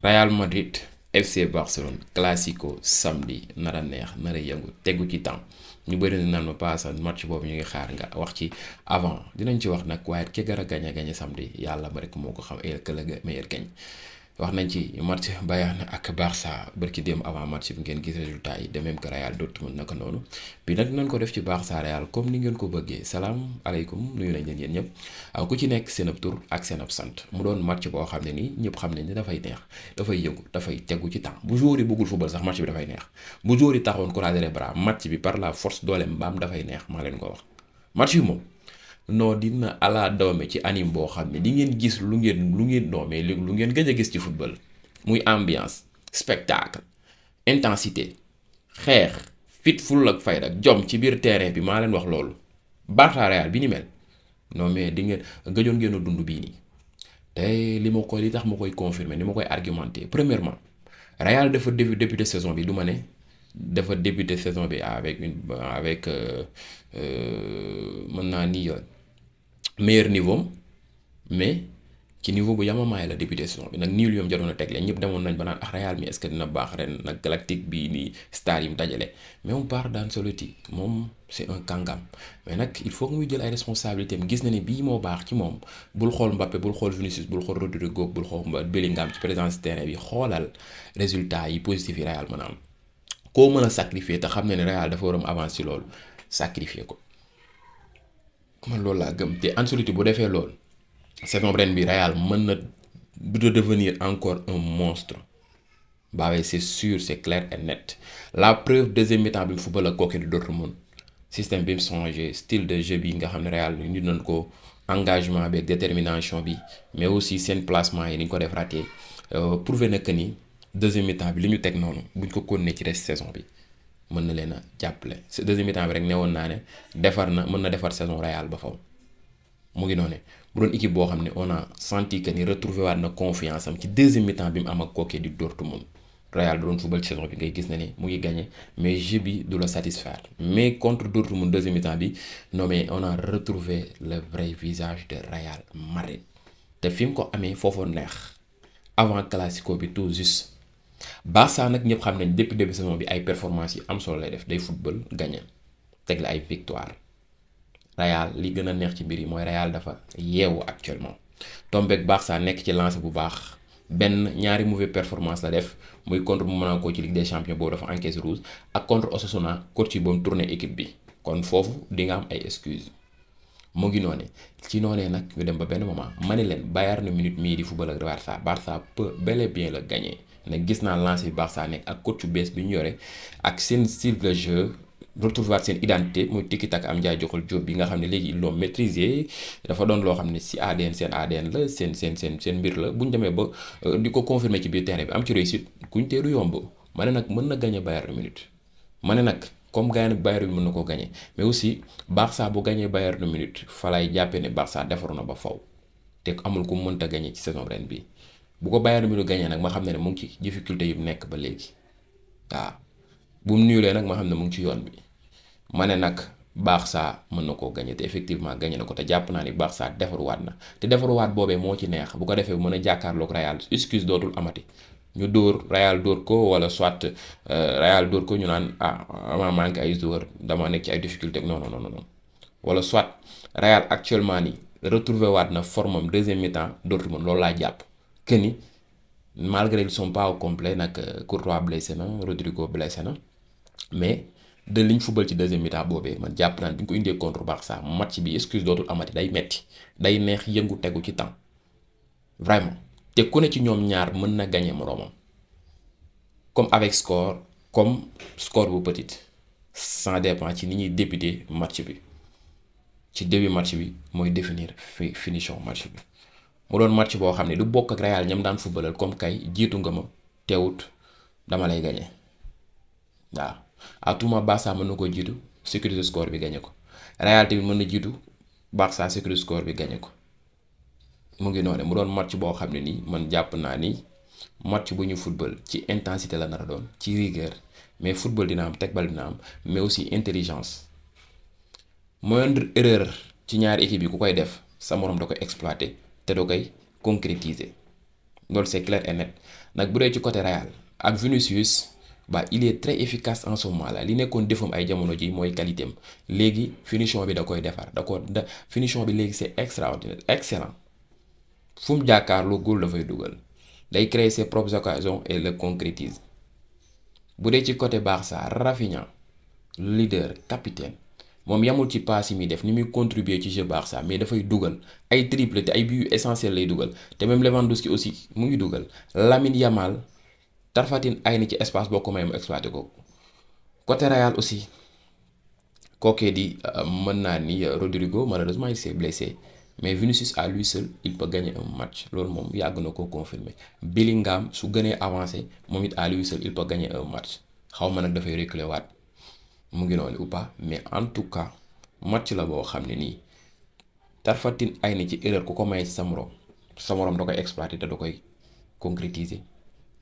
Real Madrid FC Barcelone classico samedi nara neex nara yëngu tegu ci temps ñu bëri na naan ma paasa match boobu ñu ngi xaar nga wax ci avant dinañ ci wax nag waaye ki gara gañ gañ a samedi yàlla ba rek moo ko xam et que le wax nañ ci match Bayern ak Barça barki démb avant match bi ngeen gis résultat yi de même que Real Dortmund naka noonu bi nag nañ ko def ci Barça Real comme ni ngeen ko bëggee salaam aleykum nuyu nañ leen yéen ñëpp ah, ku ci nekk seen ab tur ak seen sant mu doon match boo xam ne nii ñëpp xam nañ ne dafay neex dafay yëngu dafay tegu ci temps bu joueur buggul bëggul football sax match bi dafay neex bu joueur yi taxawoon croiser les match bi par la force dooleem baam dafay neex maa leen ko wax match bi non dina ala doome ci anime boo xam ne di ngeen gis lu ngeen lu ngeen doomee léegi lu ngeen gëj a gis ci football muy ambiance spectacle intensité xeex fit ful ak fayda ak jom ci biir terrain bi maa leen wax loolu Barça Real bi ni mel non mais di ngeen gëjoon ngeen a dund bii nii te li ma ko li tax ma koy confirmer ni ma koy argumenter premièrement Real dafa début débuté saison bi du ma ne dafa débuté saison bi avec une avec euh, euh, mën naa nii yoon meilleur niveau mais ci niveau bu yamamaay la débuté saison bi nag nii lu yom jaroon a tegle ñëpp demoon nañ ba naan ah Real mi est-ce que dina baax ren nag galactique bii nii star yi mu dajale mais on part d'Ancelotti moom c'est un kàngam mais nag il faut muy jël ay responsabilités gis na ni bii moo baax ci moom bul xool Mbappé bul xool Vinicius bul xool Rodrigo bul xool Bellingham ci présence terrain bi xoolal résultat yi positif yi Real mën a am koo mën a sacrifier te xam ne ne Real dafa war a avancer loolu sacrifier ko. man loolu laa gëm te Ancelotti bu defee loolu saison ren bi Real mën na de devenir encore un monstre baawee c'est sûr c'est clair et net la preuve deuxième mi bi bi football ak kooku di Dortmund système bi mu changé style de jeu bi nga xam ne Real ñu nañ ko engagement bi détermination bi mais aussi seen placement yi ni ñu ko def raté euh, prouvé na ni deuxième mi bi li ñu teg noonu buñ ko continuer ci reste saison bi. mën na leen a jàppale si deuxième mi-temps bi rek ne woon naa ne defar na mën na defar saison Real ba faw mu ngi noonu bu doon équipe boo xam ne on a senti que ni retrouvé waat na confiance am ci deuxième mi bi mu am ak kookee di Dortmund Real doon football ci saison bi ngay gis na ni mu ngi gagné mais jeu bi du la satisfaire mais contre Dortmund deuxième mi-temps bi non mais on a retrouvé le vrai visage de Real Madrid te fi mu ko amee foofu neex avant classico bi tout juste. Barça nag ñëpp xam nañ dépp début saison bi ay performance yi am solo lay def day football gagné teg la ay victoire Real li gën a neex ci mbir yi mooy Real dafa yeewu actuellement tombeeg Barça nekk ci lancé bu baax benn ñaari mauvais performance la def muy contre Monaco ci Ligue des Champions boobu dafa encaissé rouge ak contre Osasuna coach yi ba mu tourné bi kon foofu dinga nga am ay excuse mu ngi noone ci noonee nag ñu dem ba benn moment ma ne leen Bayern Munich mii di football ak Barça Barça peut bel la gagné. ne gis naa lancé bi baax saa nekk ak coach bu bees bi ñu yore ak seen style de jeu. retrouver seen identité muy tikki takk am njaay joxul jóob bi nga xam ne léegi ils l'ont maîtrisé dafa doon loo xam ne si ADN seen ADN la seen seen seen seen mbir la bu ñu demee ba euh, di ko confirmer ci biir terrain bi am ci réussite kuñ tee yomb ma ne nag mën na gagné Bayern Munich ma ne nag comme gagné nag Bayern bi mën na ko gagné mais aussi Barça bu gagné Bayern Munich fa lay jàppee ne Barça defaru na ba faw te amul ku mënta gagné ci saison ren bi bu ko Bayern Munich gagné nag ma xam ne ne mu ngi ci difficulté yu nekk ba léegi waaw bu mu nuyulee nag ma xam ne mu ngi ci yoon bi ma ne nag baax Barça mën na koo gagné te effectivement gagné na ko te jàpp naa ni baax Barça defaruwaat na te defaruwaat boobee moo ci neex bu ko defee mën a jàkkaarloog Real excuse dootul amati ñu dóor Real dóor ko wala soit euh, Real dóor ko ñu naan ah ma manqué ay joueur dama nekk ci ay difficulté non non non non wala soit Real actuellement ni retrouvé waat na formam deuxième mi-temps loolu laa jàpp. que ni malgré ils sont pas au complet nag euh, Courtois blessé na Rodrigo blessé na mais de liñ football ci deuxième mi-temps boobee ma jàpp naa bi ñu ko indee contre Barça match bi excuse dootul amati day metti day neex yëngu tegu ci temps vraiment te ku ne ci ñoom ñaar mën na gagner moroomam comme avec score comme score bu petite sans dépend ci ni ñuy débuter match bi ci début match bi mooy définir finition match bi. mu doon match boo xam ne du bokk ak Real ñam daan footballal comme kay jiitu nga ma teewut dama lay gañe waaw à tout moment Barça mën na ko jiitu sécurité score bi gañe ko Real tamit mën na jiitu Barça sécurité score bi gañe ko mu ngi noonu mu doon match boo xam ne nii man jàpp naa ni match bu ñu football ci intensité la nar a doon ci rigueur mais football dina am teg bal dina am mais aussi intelligence moindre erreur ci ñaari équipe yi ku koy def sa morom da koy exploité. te doo koy concrétiser loolu c'est clair et net nag bu dee ci côté Real ak Vinicius ba il est très efficace en ce moment li nekkoon defam ay jamono ji mooy qualité léegi finision bi da koy defar da ko da finition bi léegi c'est extraordinaire excellent fu mu jàkkaarloo góol dafay dugal day créer ses propres occasions et le concrétise bu dee ci côté baax Barça Rafinha leader capitaine. moom yamul ci paas yi muy def ni muy contribuer ci jeu sax mais dafay dugal ay triple te ay but yu essentiel lay dugal te même Lewandowski aussi mu ngi dugal Lamine Yamal tarfatin ay na ci espace boo ko may mu exploité ko côté Real aussi kookee di euh, mën naa ni euh, Rodrigo malheureusement il s'est blessé mais Vinicius à lui seul il peut gagner un match loolu moom yàgg na koo confirmer Bellingham su gënee avancé moom it à lui seul il peut gagner un xaw ma nag dafay reculer waat. mu ngi noonu ou pas mais en tout cas match la boo xam ne nii tarfatin ay ni ci erreur ku ko may sa morom sa morom da koy exploiter te da koy concrétiser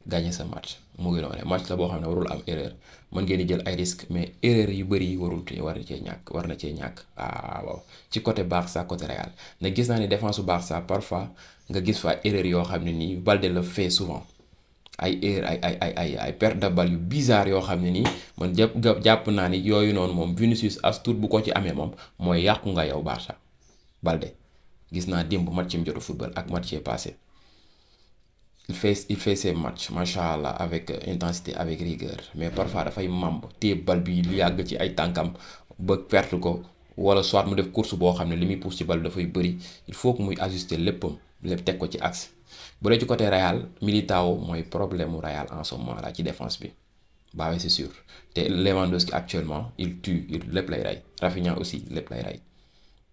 gagner sa match mu ngi noonu match la boo xam ne warul am erreur mën ngeen di jël ay risques mais erreur yu bëri yi warul war cee ñàkk war na cee ñàkk ah, waaw ci côté sa côté Real na gis naa ne défense su Barça parfois nga gis fa erreur yoo xam ne nii Balde la fait souvent. ay erreur ay ay ay ay ay perte de bal yu bizarre yoo xam ne nii man jàpp jàpp naa ni yooyu noonu moom Vinicius as tuut bu ko ci amee moom mooy yàqu nga yow Barça Balde gis naa démb match yi mu jot football ak match yi passé il fait il fait ses matchs macha allah avec euh, intensité avec rigueur mais parfois dafay mamb téye bal bi lu yàgg ci ay tànkam ba perte ko wala soit mu def course boo xam ne li muy pousse ci bal dafay bëri il faut que muy ajuster léppam lépp teg ko ci axe. bu dee ci côté Real Militao mooy problème mu Real en ce moment ci defence bi baawe c'est sûr te Lewandowski actuellement il tue il lépp lay rey Rafinha aussi lépp lay rey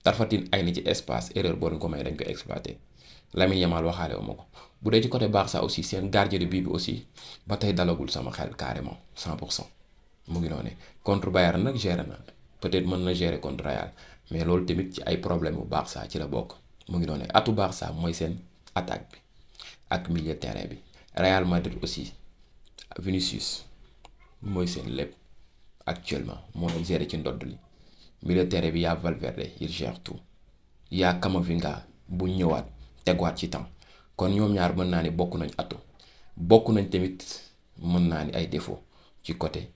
Tarfatine ay ni ci espace erreur boo ko may dañ ko exploité Lamine Yamal waxaale wu ma ko bu dee ci côté Barça aussi seen gardien bii bi aussi ba tey dalagul sama xel carrément 100 pour cent mu ngi noonu contre Bayern nag géré na peut-être mën na gérer contre Real mais loolu tamit ci ay problème bu Barça ci la bokk mu ngi noonu atu Barça mooy seen attaque bi. ak milieu terrain bi Real Madrid aussi Vinicius mooy seen lépp actuellement moo leen géré ci ndodd li milieu terrain bi yaa Valverde il gère tout yaa Camavinga bu ñëwaat teguwaat ci temps kon ñoom ñaar mën naa ni bokk nañ ato bokk nañ tamit mën naa ni ay defo ci côté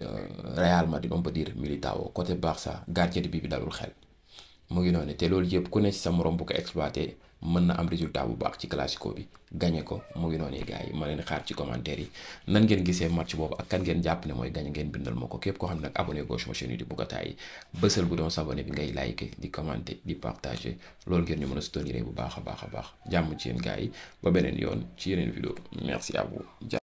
euh, Real Madrid on peut dire Militao côté Barça gardien bi bi dalul xel mu ngi noonu te loolu yëpp ku ne sa morom bu ko exploité mën na am résultat bu baax ci classico bi gagné ko mu ngi noonu gars yi ma leen xaar ci commentaire yi nan ngeen gisee match boobu ak kan ngeen jàpp ne mooy gagné ngeen bindal ma ko képp koo xam ne nag abonné goo sama chaîne YouTube bu ko bësal bu doon s'abonné bi ngay liker di commenter di partager loolu ngeen ñu mën a soutenir bu baax a baax a baax jàmm ci yéen gars yi ba beneen yoon ci yeneen vidéo merci à